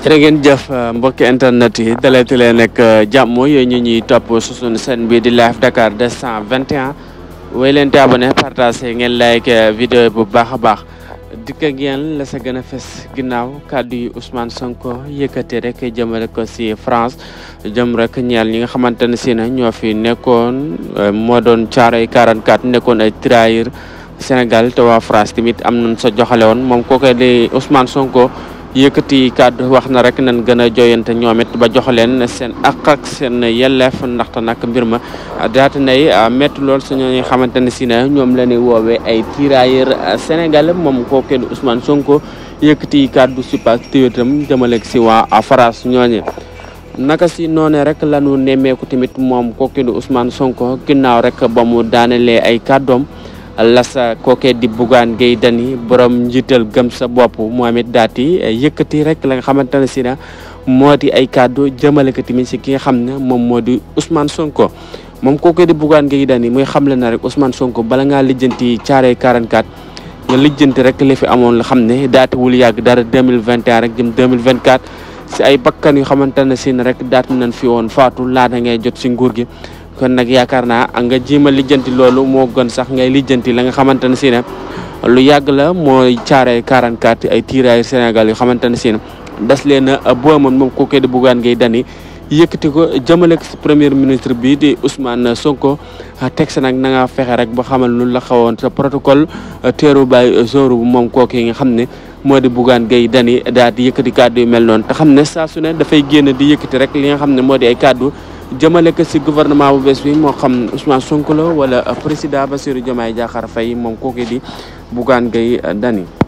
jërë ngeen jëf euh, mbokki internet yi daleeti leen nekk euh, jàmm yooyu ñu ñuy topp suñu seen bi di live Dakar 221 way leen te abonné partagé ngeen like euh, vidéo bu baax a baax dikk ak yéen la sa fes ginnaaw kàddu yi Ousmane Sonko yëkkati rek jëmale si France jëm rek ñeel ñi nga xamante ne si na ñoo fi nekkoon moo doon caaroy 44 nekkoon ay trahir Sénégal te waa France tamit am nañ sa joxale woon moom kooku di Ousmane Sonko yëkkati kàddu wax na rek nan gën a joyante ñoom ba jox leen seen àq ak seen yelleef ndaxte nag mbir ma daata nay ah, met lool su ñoo xamante ne si ne ñoom la ñuy woowee ay tirailleurs sénégalais moom koo kenn Ousmane Sonko yëkkati kàddu si paak téwetam jëmaleeg si waa France ñooñe naka si noone rek lanu nemmeeku tamit moom koo kenn Ousmane Sonko ginnaaw rek ba mu daanelee ay kàddoom lasa koke di bugaan gay dani borom njiital gem sa bopp Dati daati yëkkati rek la nga xamantene si na modi ay cadeau jëmale ko timin ci ki nga xamne mom modi ousmane sonko mom koke di bugaan gay dani muy xamle na rek ousmane sonko bala nga lijeenti ciaré 44 nga lijeenti rek li fi amone la xamne daati wul yag dara 2021 rek jëm 2024 ci ay bakkan yu xamantene rek fi won la da ngay jot ci nguur gi kon nag yaakaar naa nga jima a lijjanti loolu moo gën sax ngay lijjanti la nga xamante ne si ne lu yàgg la mooy caare 44 ay tiraay Sénégal yu xamante ne si ne das leen a boomoon moom kooku di ngay dani yëkkati ko jëmale premier ministre bi di Ousmane Sonko teg sa nag na nga fexe rek ba xamal lu la xawoon sa protocole zoru bu moom nga xam ne moo gay dani daal di yëkkati kàddu yu mel noonu te xam ne su ne dafay génn di yëkkati rek li nga xam ne ay jëmale ko si gouvernement bu bees bi moo xam Ousmane Sonko la wala président Bassirou Diomaye Diakhar fay moom kooku di Bougane Gueye Dany